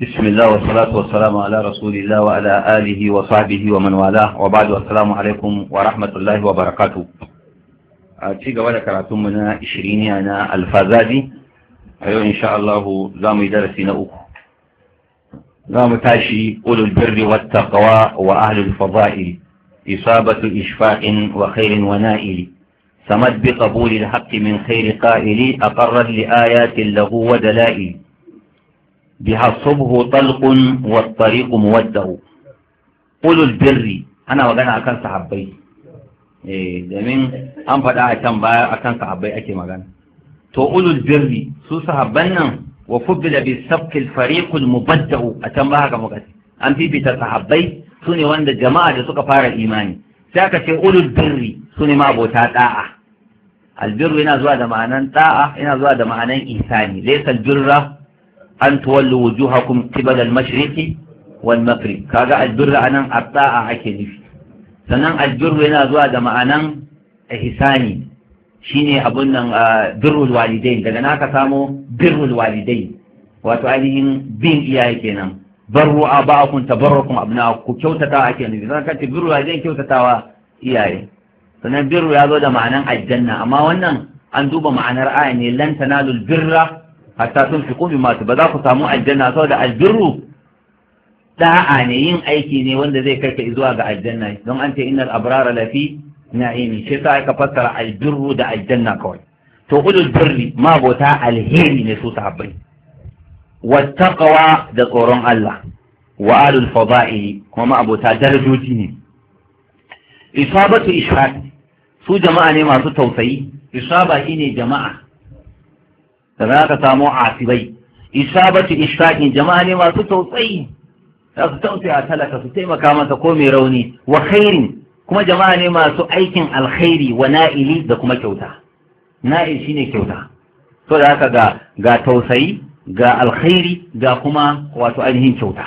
بسم الله والصلاة والسلام على رسول الله وعلى آله وصحبه ومن والاه وبعد السلام عليكم ورحمة الله وبركاته أتيجا آه، ولا كراتم من عشرين أنا الفازادي أيوة إن شاء الله زام درسنا أكو زام تاشي أولو البر والتقوى وأهل الفضائل إصابة إشفاق وخير ونائل سمد بقبول الحق من خير قائل أقرت لآيات له ودلائل biha subhu talqun wa tariqu muwaddahu ulul ana magana akan sahabbai eh domin an faɗa a can baya akan sahabbai ake magana to ulul su sahabban nan wa fuddila bi sabqil fariqul mubaddau a can ba haka muka an fifita sahabbai sune wanda jama'a da suka fara imani sai aka ce ulul birri sune ma abota da'a albirru yana zuwa da ma'anan da'a yana zuwa da ma'anan ihsani laysa an tuwallu wujuhakum qibala al-mashriqi wal maghrib kaga al-birra anan at-ta'a ake nufi sannan al-birru yana zuwa da ma'anan ihsani shine abun nan birrul walidain daga na ka samo birrul walidain wato ainihin bin iyaye kenan barru aba'akum tabarrakum abna'akum kyautata ake nufi zan kace birrul walidain kyautatawa iyaye sannan birru ya zo da ma'anan aljanna amma wannan an duba ma'anar aya ne lan tanalul birra hatta sun fi masu ba za ku samu aljanna saboda albirru da'a ne yin aiki ne wanda zai kai ka zuwa ga aljanna don an ce innal abrara lafi na'imi shi sa aka fassara albirru da aljanna kawai to ulul birri mabota alheri ne su sahabbai wattaqwa da tsoron Allah wa alul fada'i kuma abota darajoji ne isabatu ishaq su jama'a ne masu tausayi isaba shine jama'a da za ka samu asibai isabatu ishaqin jama'a ne masu tausayi za su tausaya talaka su taimaka masa ko mai rauni wa khairin kuma jama'a ne masu aikin alkhairi wa na'ili da kuma kyauta na'il shine kyauta to da haka ga ga tausayi ga alkhairi ga kuma wato ainihin kyauta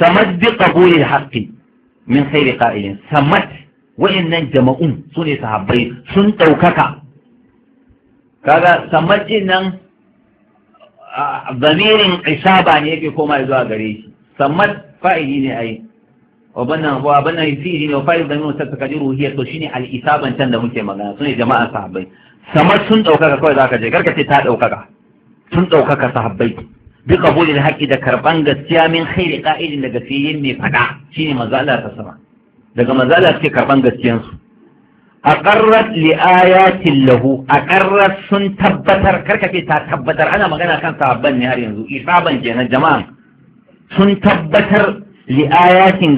samad bi qabulil haqqi min khairi qa'ilin samad wa'annan jama'un sune sahabbai sun daukaka kaga kamar din nan zamirin isaba ne yake koma zuwa gare shi samar fa'ili ne ai wabannan wa bannan fi'ili ne wa fa'il da mun saka kaji ruhiyya to shine al-isaban tan da muke magana sune jama'a sahabbai samar sun daukaka kawai zaka je karka ce ta daukaka sun daukaka sahabbai bi qabulil haqqi da karban gaskiya min khairi qa'ilin daga fiyin mai fada shine manzo ta sama daga manzo Allah karban gaskiyansu aqarrat li ayatin lahu aqarrat sun tabbatar karka ta tabbatar ana magana kan sahabban ne har yanzu isaban kenan jama'a sun tabbatar li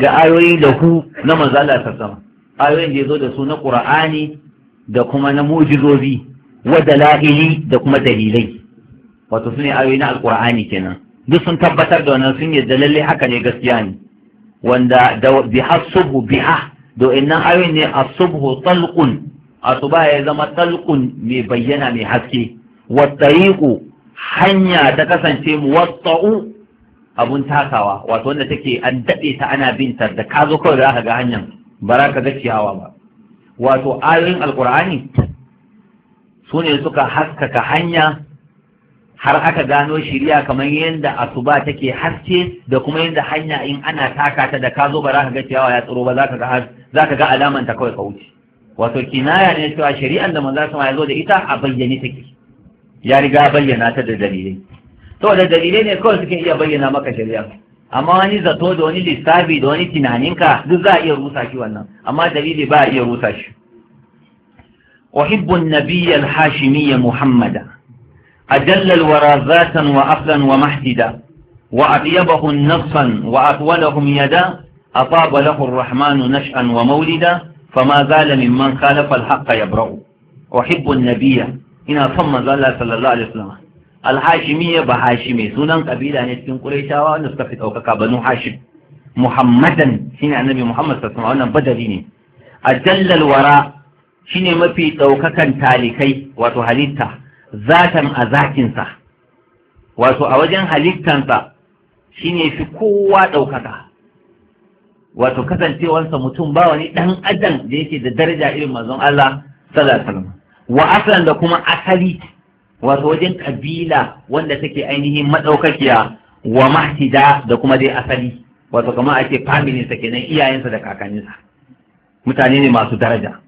ga ayoyi lahu na manzo Allah sallallahu ayoyin da zo da su na ƙura'ani, da kuma na mujizozi wa dalaili da kuma dalilai wato sune ayoyi na alƙura'ani kenan duk sun tabbatar da wannan sun yadda lalle haka ne gaskiya ne wanda da bi hasubu biha do innan ayoyin ne a subhu talqun asuba ya zama talqun mai bayyana mai haske wa tariqu hanya ta kasance muwatta'u abun takawa wato wanda take an dade ta ana bin ta da ka zo kawai zaka ga hanyar bara ka ga ciyawa ba wato ayoyin alqur'ani sune suka haskaka hanya har aka gano shiriya kamar yadda asuba take haske da kuma yadda hanya in ana taka ta da ka zo ba za ka ga ciyawa ya tsiro ba za ka ga alaman ta kawai ka wuce wato kinaya ne cewa shari'ar da manzo sama ya zo da ita a bayyane take ya riga bayyana ta da dalilai to da dalilai ne kawai suke iya bayyana maka shari'a amma wani zato da wani lissafi da wani tunaninka duk za a iya rusa shi wannan amma dalili ba a iya rusa shi uhibbu an-nabiyya hashimiyya muhammada أجل الورى ذاتا وأخلا ومحددا وأطيبهم نصفا وأطولهم يدا أطاب له الرحمن نشأ ومولدا فما زال ممن خالف الحق يبرأ أحب النبي إن صم زال صلى الله عليه وسلم الحاشمية بحاشمي سنن قبيلة نسكن قريشا ونستفد أوكاكا بنو حاشم محمدا شين النبي محمد صلى الله عليه وسلم بدليني أجل الوراء شنو ما في تالي كي وتهليتا zatan a zakinsa, wato a wajen halittansa shine fi kowa ɗaukaka wato kasancewansa mutum ba wani ɗan adam da yake da daraja irin mazan Allah sallallahu alaihi wa aslan da kuma asali wato wajen kabila wanda take ainihin madaukakiya wa mahtida da kuma dai asali wato kamar ake family sa kenan iyayensa da kakanninsa mutane ne masu daraja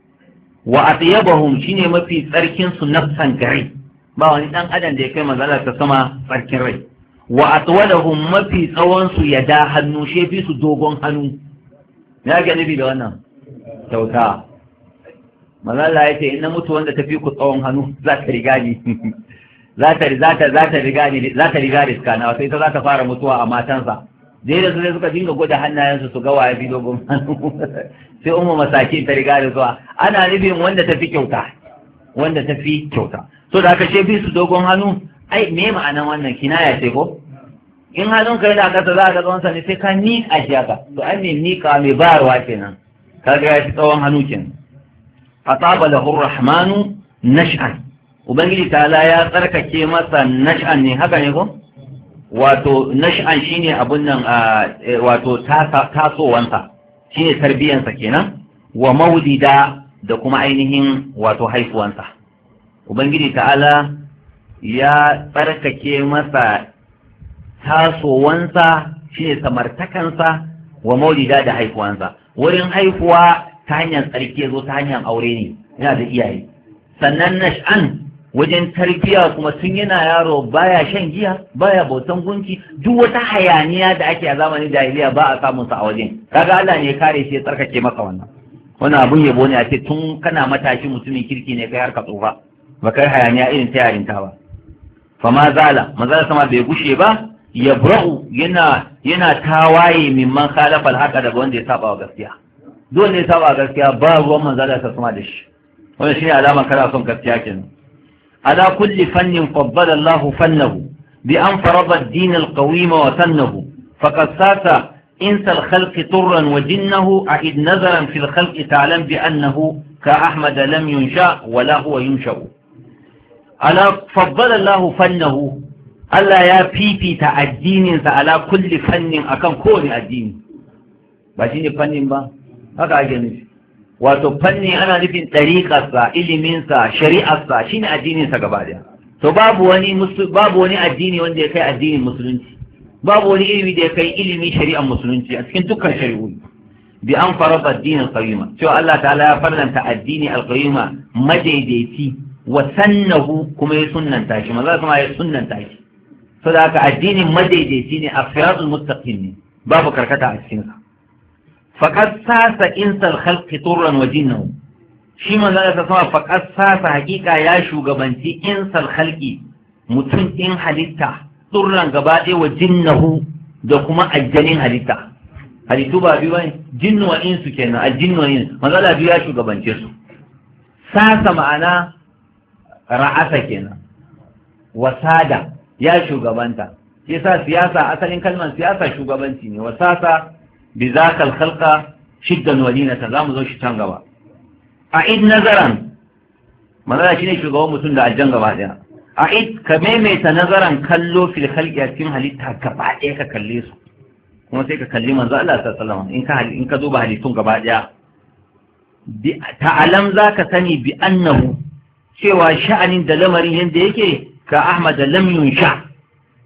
wa atiyabahum shine mafi tsarkin su nafsan gari ba wani dan adam da ya kai manzala ta sama tsarkin rai wa atwalahum mafi tsawon su ya da hannu she fi su dogon hannu Ya ga nufi da wannan kyauta manzala ya ce in na mutu wanda ta fi ku tsawon hannu za ta riga ni za ta za ta za ta riga ni za ta riga riska na sai ta za ta fara mutuwa a matansa dai da sai suka dinga gwada hannayensu su ga waye fi dogon hannu sai umma masakin ta riga da zuwa ana nufin wanda ta fi kyauta wanda ta fi kyauta so da aka ce bi su dogon hannu ai me ma'anan wannan kinaya ce ko in hannun ka yana kasa za a ga tsawon sani sai ka ni a shi haka to an ne mika mai bayarwa kenan ka ga ya ci tsawon hannu kenan fataba lahu rahmanu nash'an ubangiji ta'ala ya tsarkake masa nash'an ne haka ne ko wato nash'an shine abun nan e, wato tasowansa shine tarbiyansa kenan wa maudida da kuma ainihin wato haifuwansa ubangiji ta'ala ya tsarkake masa tasowansa shi ne samartakansa wa maulida da haifuwansa wurin haifuwa ta hanyar tsarki zo ta hanyar aure ne yana da iyaye sannan nash'an wajen tarbiyya, kuma tun yana yaro baya shan giya baya bautan gunki duk wata hayaniya da ake a zamanin jahiliya ba a samun sa a wajen kaga Allah ne kare shi ya tsarkake maka wannan wannan abun yabo ne a ce tun kana matashi mutumin kirki ne kai har ka tsufa ba kai hayaniya irin ta yarinta ba fa ma zala manzala sama bai gushe ba ya bra'u yana yana tawaye mimman khalafa al-haqa daga wanda ya saba wa gaskiya dole ne saba gaskiya ba ruwan manzala ta sama da shi wannan shine alamar kana son gaskiya kenan ala kulli fannin faddala Allah fannahu bi an farada ad-din al-qawim wa sannahu faqad sata إنس الخلق طرا وجنه أعد نظرا في الخلق تعلم بأنه كأحمد لم ينشأ ولا هو ينشأ ala fabbalallahu fannahu Allah ya fifita addininsa ala kulli fannin akan kowane addini ba shi ne fannin ba haka ake nufi wato fanni ana nufin ɗariƙarsa iliminsa shari'arsa shi ne addininsa gaba ɗaya to babu wani babu wani addini wanda ya kai addinin musulunci babu wani ilimi da ya kai ilimi shari'ar musulunci a cikin dukkan shari'o'i bi an faraba addinin qayyima cewa Allah ta'ala ya farlanta addini al-qayyima madaidaici wa sannahu kuma ya sunnanta shi maza kuma ya sunnanta shi saboda haka addinin madaidaici ne a siratul mustaqim ne babu karkata a cikin sa faqad sasa insal khalqi turran wa jinnahu shi maza da sama faqad sasa hakika ya shugabanci insal khalqi mutum din halitta turran gaba ɗaya wa jinnahu da kuma aljanin halitta halittu ba biyu bane jinnu wa insu kenan aljinnu wa insu maza da biyu ya shugabance su sasa ma'ana ra'asa kenan wasada ya shugabanta yasa siyasa asalin kalmar siyasa shugabanci ne wasasa bi zakal khalqa shiddan walinata zamu zo shi can gaba a id nazaran manzara shine shugaban mutum da aljan gaba daya a id ka maimaita nazaran kallo fil khalqi cikin halitta gaba daya ka kalle su kuma sai ka kalli manzo Allah sallallahu alaihi wasallam in ka in ka duba halittun gaba ɗaya. bi ta'alam zaka sani bi annahu cewa sha'anin da lamarin yadda yake ka Ahmad lam yunsha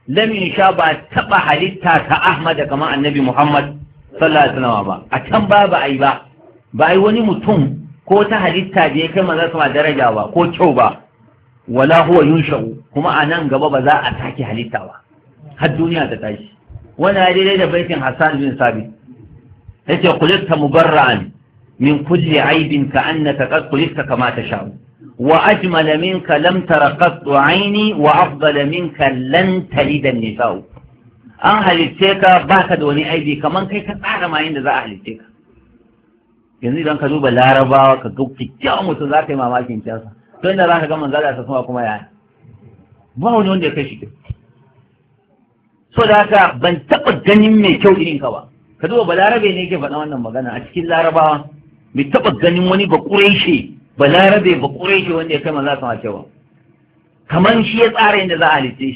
lam yunsha ba taba halitta ka Ahmad kamar Annabi Muhammad sallallahu alaihi wasallam ba a can ba ba ai ba ba ai wani mutum ko ta halitta da ya kai manzo sama daraja ba ko kyau ba wala huwa yunsha'u kuma a nan gaba ba za a sake halitta ba har duniya ta tashi wannan daidai da baitin Hassan bin Sabit yace qulitta mubarra'an min kulli aibin ka annaka qad qulitta kama tasha'u وأجمل منك لم تر قط عيني وأفضل منك لن تلد النساء an halitce baka da wani aibi kamar kai ka tsara ma da za a ka yanzu idan ka duba larabawa ka ga kyakkyawan mutum za ka yi mamakin kyasa to inda za ka ga manzo da kuma kuma yaya ba wani wanda ya kai shi so da haka ban taɓa ganin mai kyau irin ka ba ka duba balarabe ne ke faɗa wannan magana a cikin larabawa bai taɓa ganin wani ba larabe ba ƙure shi wanda ya kai su hake ba, kaman shi ya tsara yadda za a halitte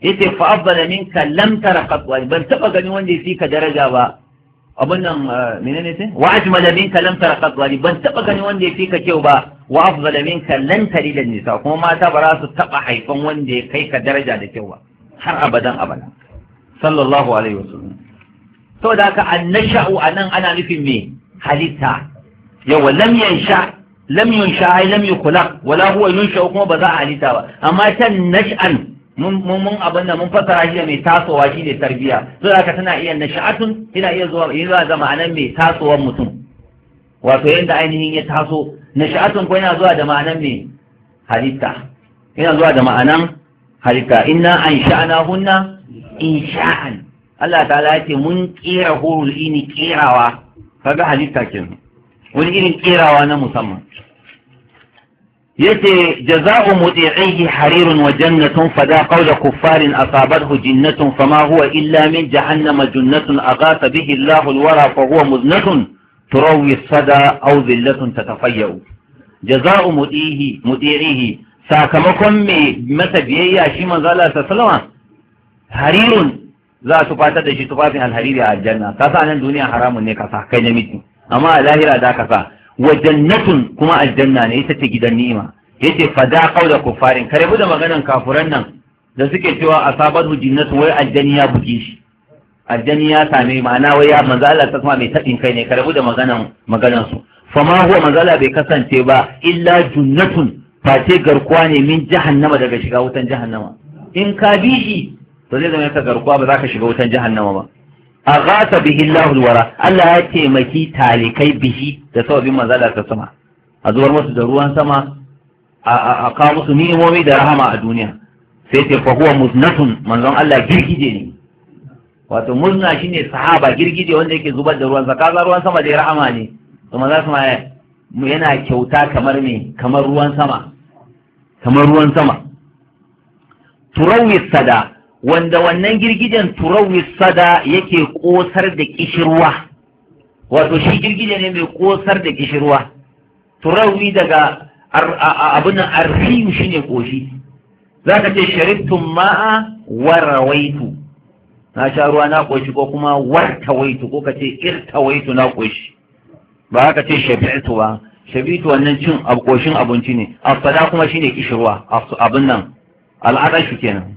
shi ce fa afdala minka lam tara qatwa ban taba gani wanda ya fi ka daraja ba abun nan eh, menene sai wa ajmala minka lam tara qatwa ban taba gani wanda ya fi ka kyau ba wa afdala minka lan da nisa kuma mata ba za su taba haifan wanda ya kai ka daraja da kyau ba har abadan abada sallallahu alaihi wasallam saboda haka annasha'u anan ana nufin me halitta yawa lam yansha lam yunsha ai lam yukula wala huwa yunsha kuma ba za a halitta ba amma can nash'an mun mun abin da mun fasara shi mai tasowa shi ne tarbiya sai haka tana iya nash'atun tana iya zuwa yana zama anan mai tasowar mutum wato yanda ainihin ya taso nash'atun ko yana zuwa da ma'anan mai halitta yana zuwa da ma'anan halitta inna ansha'na hunna insha'an Allah ta'ala ya ce mun kera hurul ini kerawa kaga halitta kenan wani irin kerawa na musamman yace jaza'u muti'ihi harirun wa jannatun fada qawla kuffarin asabathu jinnatun fama huwa illa min jahannama jannatun aghatha bihi Allahu alwara fa huwa muznatun turawi sada aw dhillatun tatafayyu jaza'u muti'ihi muti'ihi sakamakon mai masa biyayya shi manzo Allah sallama harirun za su fatar da shi tufafin alhariri a aljanna kasa nan duniya haramun ne kasa kai namiji amma a lahira da ka sa wa jannatun kuma aljanna ne ita ce gidan ni'ima yace fa da qawla kufarin kare da maganan kafuran nan da suke cewa hu jinnatu wai aljani ya buge shi aljani ya same ma'ana wai ya manzo Allah ta kuma mai tadin kai ne kare da maganan maganan su fa ma huwa manzala bai kasance ba illa fa ce garkuwa ne min jahannama daga shiga wutan jahannama in ka bi shi to zai zama ka garkuwa ba za ka shiga wutan jahannama ba a gasa bihi Allahul wara Allah ya taimaki talikai bihi da sababin manzala ta sama a zuwar musu da ruwan sama a kawo musu ni'imomi da rahama a duniya sai ce fa huwa muznatun manzon Allah girgije ne wato muzna shine sahaba girgije wanda yake zubar da ruwan sa kaza ruwan sama da rahama ne to manzo sama eh, yana kyauta kamar me kamar ruwan sama kamar ruwan sama turawi sada wanda wannan girgijen turawi sada yake kosar da kishirwa wato shi girgije ne mai kosar da kishirwa turawi daga abin arhiyu shi ne koshi za ka ce shariftun ma'a warawaitu na sha ruwa na koshi ko kuma wartawaitu ko ka ce irtawaitu na koshi ba ka ce shabi'tu ba shabi'tu wannan cin koshin abinci ne asada kuma shine kishirwa abin nan al'adashi kenan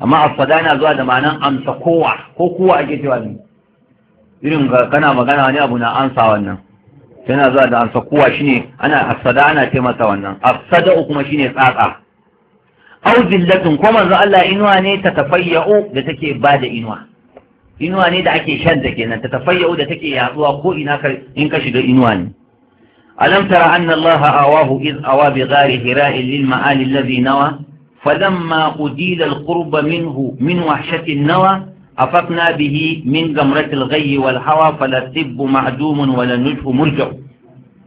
amma afada yana zuwa da ma'anan amsa kowa ko kowa ake cewa ne irin kana magana wani abu na amsa wannan yana zuwa da amsa kowa shine ana afada ana ce masa wannan afsada kuma shine tsatsa au zillatun ko manzo Allah inuwa ne ta tafayya'u da take ba da inuwa inuwa ne da ake shan da kenan ta tafayya'u da take yaduwa ko ina ka in ka shiga inuwa ne alam tara anna Allah awahu iz awa bi ghari hira'in lil ma'ali alladhi nawa فلما أديل القرب منه من وحشة النوى أفقنا به من جمرة الغي والهوى فلا الطب معدوم ولا النجف مرجع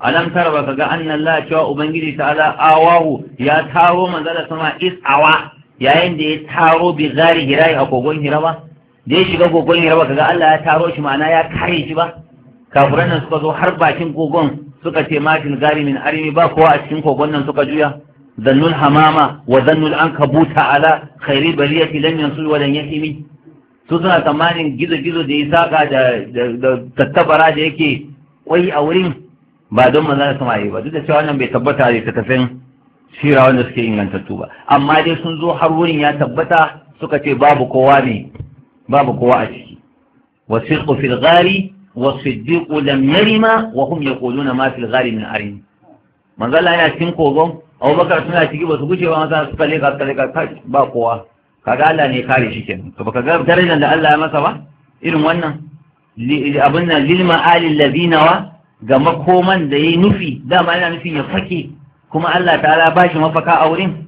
ألم ترى بك أن الله شاء بنجلي تعالى آواه يا تارو من ذلك سما إس آوا يا يندي تارو بغار هراي أو كوغون هراوا دي شيغا كوغون هراوا كذا الله يا تارو شي معناه يا كاري شي با كافرن سكو زو حربا كين كوغون suka ce matin gari min arimi ba kowa a cikin kogon nan suka juya ذن الحمامة وذن الأنكبوت على خير برية لم ينصر ولن يحمي سوسنا تمانين جزو جزو دي ساقا تتبرا دا يكي وي أورين بعد ما ذلك سمعي بعد ذلك شوانا بيتبتا دي تتفين سيرا ونسكي إنغان تتوبا أما دي سنزو حرورين يا تبتا سكتي باب قواني باب قواتي وصدق في الغار وصدق لم يرم وهم يقولون ما في الغار من أرين من ذلك أنا تنكو abubakar suna ciki ba su guje ba maza su leka suka ba kowa kaga Allah ne kare shi kenan to baka ga darajar da Allah ya masa ba irin wannan abin nan lil ma'alil ladina wa ga makoman da yayi nufi dama yana nufin ya fake kuma Allah ta'ala ba shi mafaka a wurin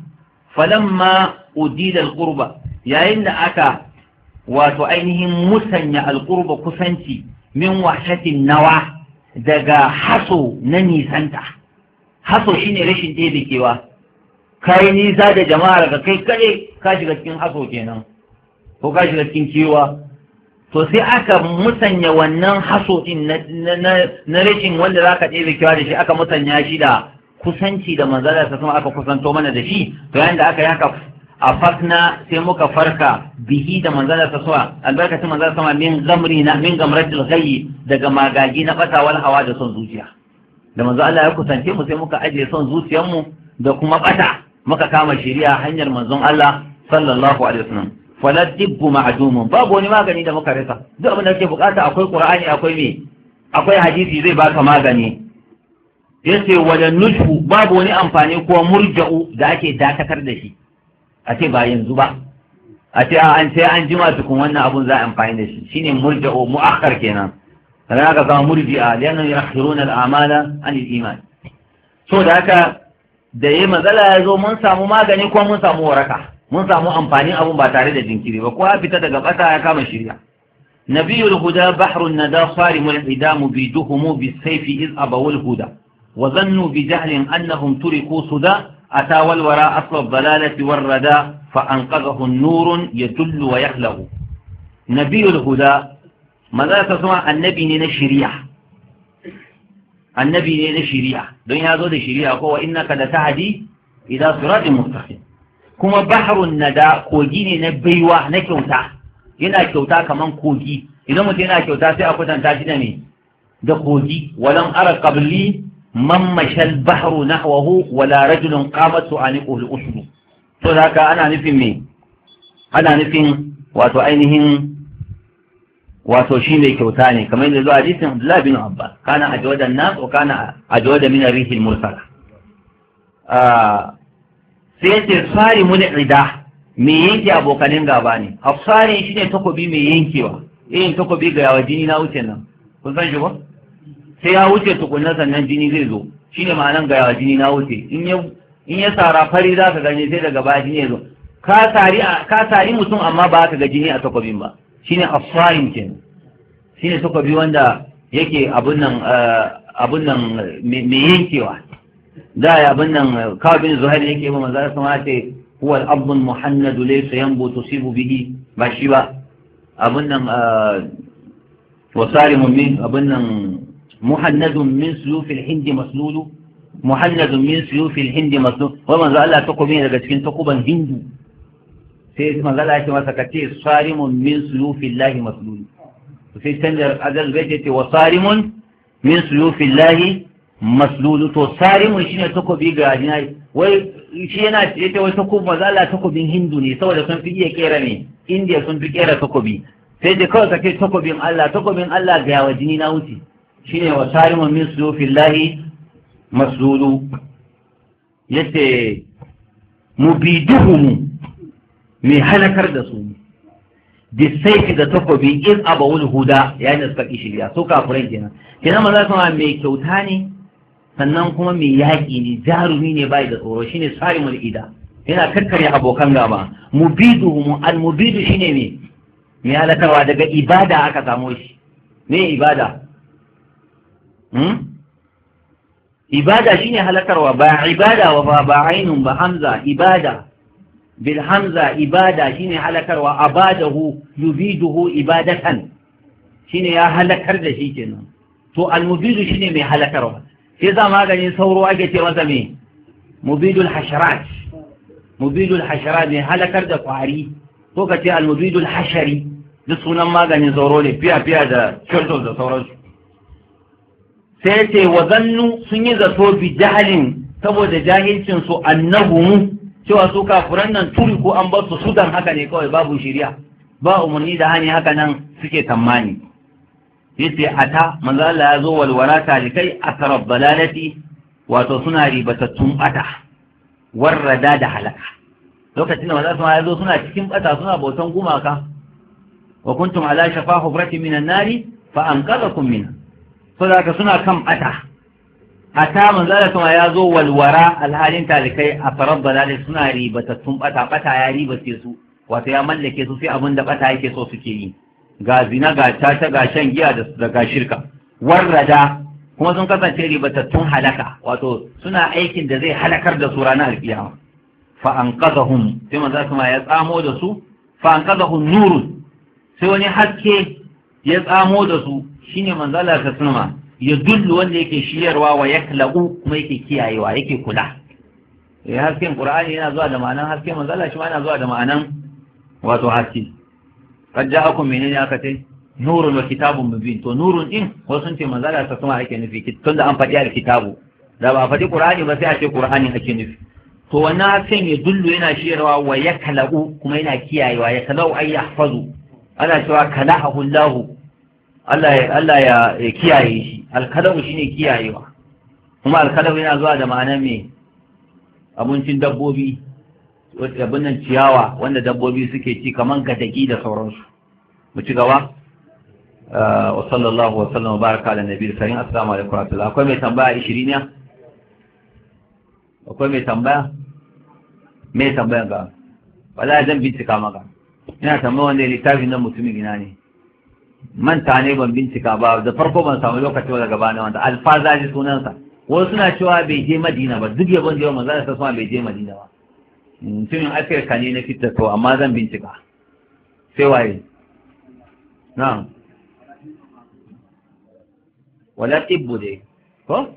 falamma udida alqurba yayin da aka wato ainihin musanya alqurba kusanci min wahshatin nawa daga haso na nisanta haso ne rashin ɗebe kewa kai nisa da jama'ar ka kai kare ka shiga cikin haso kenan ko ka shiga cikin kewa to sai aka musanya wannan haso din na rashin wanda za ka ɗebe kewa da shi aka musanya shi da kusanci da manzala ta sama aka kusanto mana da shi to yayin da aka yi haka a fasna sai muka farka bihi da manzala ta sama albarkacin manzala sama min gamri na min daga magagi na wani hawa da son zuciya da manzo Allah ya kusance mu sai muka ajiye son zuciyar mu da kuma bata muka kama shari'a hanyar manzon Allah sallallahu alaihi wasallam fala tibbu ma'dumun babu wani magani da muka rasa duk abin da kake bukata akwai qur'ani akwai me akwai hadisi zai baka magani yace wala nujhu babu wani amfani ko murja'u da ake dakatar da shi a ce ba yanzu ba a ce an ce an jima tukun wannan abun za a amfani da shi shine murja'u mu'akhkhar kenan راغب مرجئا لأنهم يأخرون الأعمال عن الإيمان سوداك دائما ذلا يزو منسى مماغني كو منسى موركة منسى مؤمباني أبو باتاري دين كيري وكوا بتدق قطع كام الشريع نبي الهدى بحر الندى صارم الحدام بيدهم بالسيف إذ أبو الهدى وظنوا بجهل أنهم تركوا صدى أتى والوراء أصل الضلالة والرداء فأنقذه النور يدل ويحله نبي الهدى manzon sa kuma annabi ne na shari'a annabi ne na shari'a don ya zo da shari'a ko wa innaka la tahdi ila siratin mustaqim kuma bahrun nada kogi ne na baiwa na kyauta yana kyauta kaman kogi idan mutum yana kyauta sai a kwatanta shi da me da kogi walam ara qabli man mashal bahru nahwahu wala rajulun qamat su'aniqu al-usbu to haka ana nufin me ana nufin wato ainihin wato shi mai kyauta ne kamar yadda zuwa hadisin Abdullah bin Abbas kana jawadan nas ko kana jawadan min rihil mursala ah, sai ce sari mun ida me yanke abokanin gaba ne hafsarin shine takobi mai yankewa irin takobi ga yawa jini na wuce nan kun san shi ba sai ya wuce tukunna sannan jini zai zo shine ma'anan ga yawa jini na wuce in ya in ya sara fari za ka gani sai daga baya jini ya zo ka sari mutum amma ba ka ga jini a takobin ba shine afsayin ke shine suka bi wanda yake abun nan eh, abun nan mai yankewa da ya abun nan kabin zuhair yake ba manzo sama ce huwa al-abdun muhannadu laysa yanbu tusibu bihi ba shi ba abun nan eh, wasalimun min abun nan muhannadun min suyuf al-hind masluulu muhannadun min suyuf al-hind masluulu wa manzo Allah ta kuma daga cikin takuban hindu sai manzala ya ce masa ka ce sarimun min suyufillahi maslul sai canja azal bai ce wa sarimun min suyufillahi maslul to sarimun shine takobi ga jinai wai shi yana ce wai takobi manzala takobin hindu ne saboda sun fi iya kera ne indiya sun fi kera takobi sai ce kawai ka ce takobin Allah takobin Allah ga yawa jini na wuce shine wa sarimun min suyufillahi maslulu yace mubiduhum mai halakar da su ki da takobi in abawul huda ya da suka ki shirya su kafuran kenan kenan maza ma mai kyauta ne sannan kuma mai yaƙi ne jarumi ne bai da tsoro shine sarimul ida yana kakkare abokan gaba mubiduhum al mubidu shine me Mai halakarwa daga ibada aka samo shi me ibada hmm? ibada shine halakarwa ba ibada wa ba ainun ba hamza ibada Bilhamza ibada shine halakarwa abadahu yubiduhu ibadatan shine ya halakar da shi kenan to al mubidu shine mai halakarwa sai za maganin sauro ake ce masa me mubidul hasharat mubidul hasharat ne halakar da kwari ko ka al mubidul hashari duk sunan maganin sauro ne fiya fiya da kyautar sauransu sai ce wa sun yi zato bi jahalin saboda jahilcin su annahu cewa su kafuran nan turi ko an bar su sudan haka ne kawai babu shiriya? ba umarni da hani haka nan suke tammani yace ata manzo Allah ya zo walwala talikai asrab balalati wato suna ribatattun bata warrada da halaka lokacin da manzo Allah ya zo suna cikin bata suna bautan gumaka wa kuntum ala shafa hubratin minan nari fa anqadhakum minha saboda suna kan bata Hata manzala sama ya zo walwara alhalin talikai a farar balale suna ribatattun bata bata ya ribace su wato ya mallake su sai abin da bata yake so suke yi ga zina ga tata ga shan giya da ga shirka warrada kuma sun kasance ribatattun halaka wato suna aikin da zai halakar da su ranar alkiyama fa anqadhahum sai manzala sama ya tsamo da su fa anqadhahum nurun sai wani haske ya tsamo da su shine manzala ta sunma ya dullu wanda yake shiyarwa wa ya kalabu kuma yake kiyayewa yake kula ya eh, hasken ƙura'ani yana zuwa da ma'anan haske manzala shi ma yana zuwa da ma'anan wato haske kad mene menene aka ce nurun wa kitabun mubin to nurun din wasu ce manzala ta kuma ake nufi tunda an faɗi al-kitabu da ba a faɗi ƙura'ani ba sai a ce ƙura'ani ake nufi to wannan hasken ya dullu yana shiyarwa wa ya kalabu kuma yana kiyayewa ya kalabu a fazu ana cewa a hulahu. Allah ya kiyaye shi alkalamu shine kiyayewa kuma alkalamu yana zuwa da ma'anar mai abincin dabbobi abin ciyawa wanda dabbobi suke ci kamar gadaki da sauransu mu ci gaba ah, wa sallallahu wa sallam baraka ala nabiyil karim assalamu alaikum wa akwai mai tambaya 20 ne akwai mai tambaya mai tambaya ga wala zan bincika maka ina tambaya wanda littafin nan mutumin ina ne manta ne ban bincika ba da farko ban samu lokaci ba daga bana wanda alfazaji sunansa wasu suna cewa bai je madina ba duk yabon jiwa manzo Allah sallallahu bai je madina ba mutumin afirka ne na fitta to amma zan bincika sai waye na wala tibbu dai ko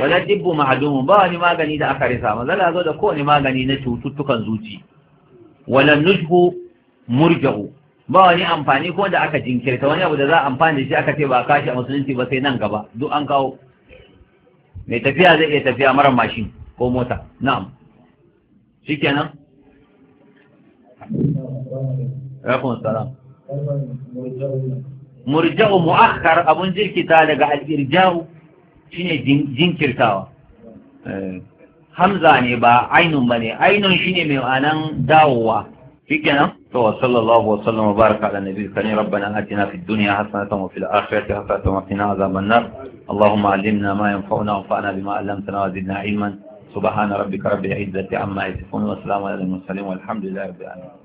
wala tibbu ma'dumun ba wani magani da aka risa manzo Allah zo da kowane magani na cututtukan zuci wala nujhu murjahu ba wani amfani ko da aka jinkirta wani abu da za a amfani da shi aka ce ba a kashi a musulunci ba sai nan gaba duk an kawo mai tafiya zai iya tafiya mara mashin ko mota na'am shikenan rakun salam murja'u muakkar abun jirkita daga al-irja'u shine jinkirtawa eh, hamza ne ba ainun bane ainun shine mai anan dawowa shikenan وصلى الله وسلم وبارك على النبي الكريم ربنا آتنا في الدنيا حسنة وفي الآخرة حسنة وقنا عذاب النار اللهم علمنا ما ينفعنا وانفعنا بما علمتنا وزدنا علما سبحان ربك رب العزة عما يصفون وسلام على المرسلين والحمد لله رب العالمين